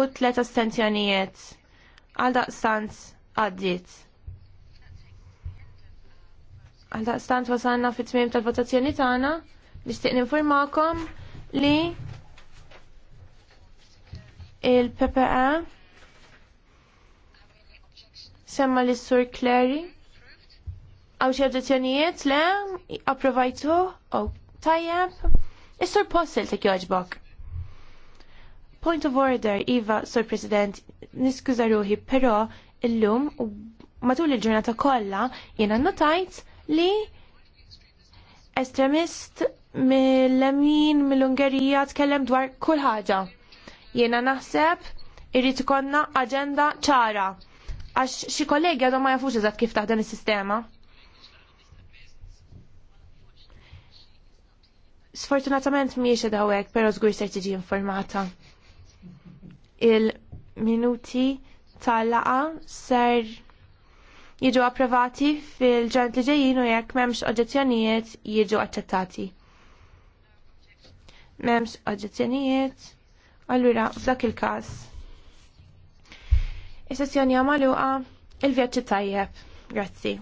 u tlet astenzjonijiet għal daqstant għaddiet. Għal daqstant wasanna fit tmiem tal-votazzjoni tagħna nixtieq ninformakom li il-PPA e semma li sur Clary għaw xi oġġezzjonijiet le approvajtu u oh, tajjeb is-sur possil tek joġbok. Point of order, Iva, Sir President, niskuza ruħi, pero illum matul il-ġurnata kollha jiena notajt li estremist mill-lemin mill-Ungerija tkellem dwar kull ħaġa. Jiena naħseb irrid ikollna aġenda ċara għax xi kollegi għadhom ma jafux eżatt kif taħdem is-sistema. Sfortunatament miex hekk, però żgur se tiġi informata il-minuti tal-laqa ser jiġu approvati fil-ġant li ġejjin u jekk m'hemmx oġġezzjonijiet jiġu aċċettati. M'hemmx oġġezzjonijiet, allura f'dak il-każ. Is-sessjoni għamaluqa il-vjaġġi tajjeb. Grazzi.